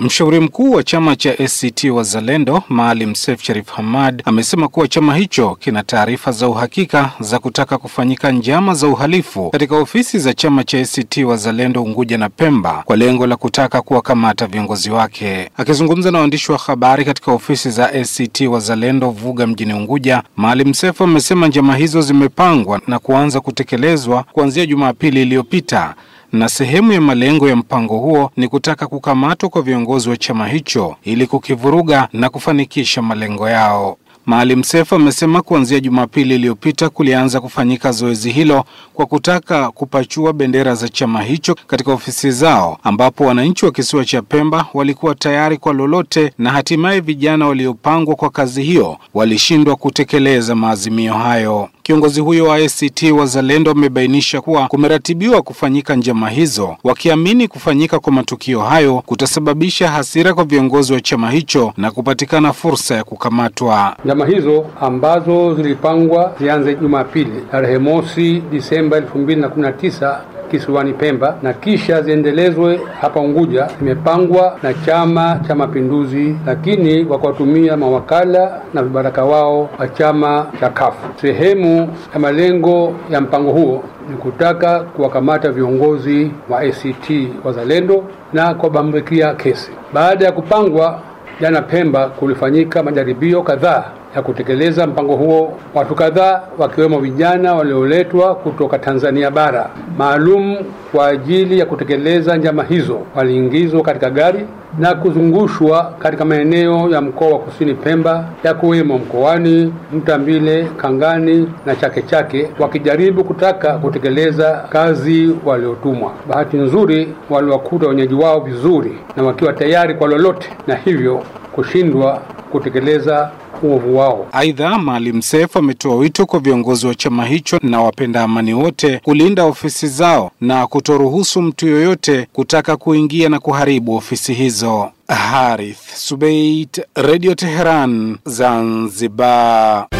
Mshauri mkuu wa chama cha ACT Wazalendo Maalim Seif Sharif Hamad amesema kuwa chama hicho kina taarifa za uhakika za kutaka kufanyika njama za uhalifu katika ofisi za chama cha ACT Wazalendo Unguja na Pemba kwa lengo la kutaka kuwakamata viongozi wake. Akizungumza na waandishi wa habari katika ofisi za ACT Wazalendo Vuga mjini Unguja, Maalim Seif amesema njama hizo zimepangwa na kuanza kutekelezwa kuanzia Jumapili iliyopita na sehemu ya malengo ya mpango huo ni kutaka kukamatwa kwa viongozi wa chama hicho ili kukivuruga na kufanikisha malengo yao. Maalim Seif amesema kuanzia Jumapili iliyopita kulianza kufanyika zoezi hilo kwa kutaka kupachua bendera za chama hicho katika ofisi zao, ambapo wananchi wa kisiwa cha Pemba walikuwa tayari kwa lolote, na hatimaye vijana waliopangwa kwa kazi hiyo walishindwa kutekeleza maazimio hayo. Kiongozi huyo wa ACT Wazalendo amebainisha kuwa kumeratibiwa kufanyika njama hizo, wakiamini kufanyika kwa matukio hayo kutasababisha hasira kwa viongozi wa chama hicho na kupatikana fursa ya kukamatwa. Njama hizo ambazo zilipangwa zianze Jumapili tarehe mosi Disemba 2019 kisiwani Pemba na kisha ziendelezwe hapa Unguja. Imepangwa na Chama cha Mapinduzi, lakini kuwatumia mawakala na vibaraka wao wa chama cha kafu. Sehemu ya malengo ya mpango huo ni kutaka kuwakamata viongozi wa ACT Wazalendo na kuwabambikia kesi. Baada ya kupangwa jana Pemba, kulifanyika majaribio kadhaa ya kutekeleza mpango huo, watu kadhaa wakiwemo vijana walioletwa kutoka Tanzania bara maalum kwa ajili ya kutekeleza njama hizo waliingizwa katika gari na kuzungushwa katika maeneo ya mkoa wa Kusini Pemba, ya kuwemo Mkoani, Mtambile, Kangani na Chake Chake, wakijaribu kutaka kutekeleza kazi waliotumwa. Bahati nzuri, waliwakuta wenyeji wao vizuri na wakiwa tayari kwa lolote, na hivyo kushindwa kutekeleza uovu wao. Aidha, Maalim Seif ametoa wito kwa viongozi wa chama hicho na wapenda amani wote kulinda ofisi zao na kutoruhusu mtu yoyote kutaka kuingia na kuharibu ofisi hizo. Harith Subait, Radio Teheran, Zanzibar.